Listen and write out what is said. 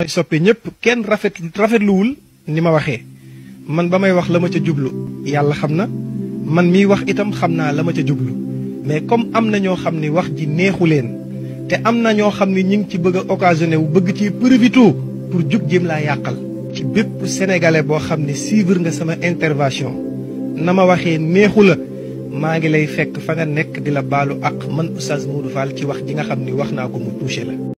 may soppi ñëpp kenn rafet rafetluwul ni ma waxee man ba may wax la ma ca jublu yàlla xam na man mi wax itam xam naa ca jublu mais comme am na ñoo xam ni wax ji neexu te amna na ñoo xam ni ñi ngi ci bëgg a occasionné wu bëgg ci profité pour jug jéem laa yàqal ci bépp sénégalais boo xam ni nga sama intervention na ma waxee neexu la maa ngi lay fekk fa nga nekk di la baalu ak man Oustaz Modou Fall ci wax ji nga xam ni ko mu touché la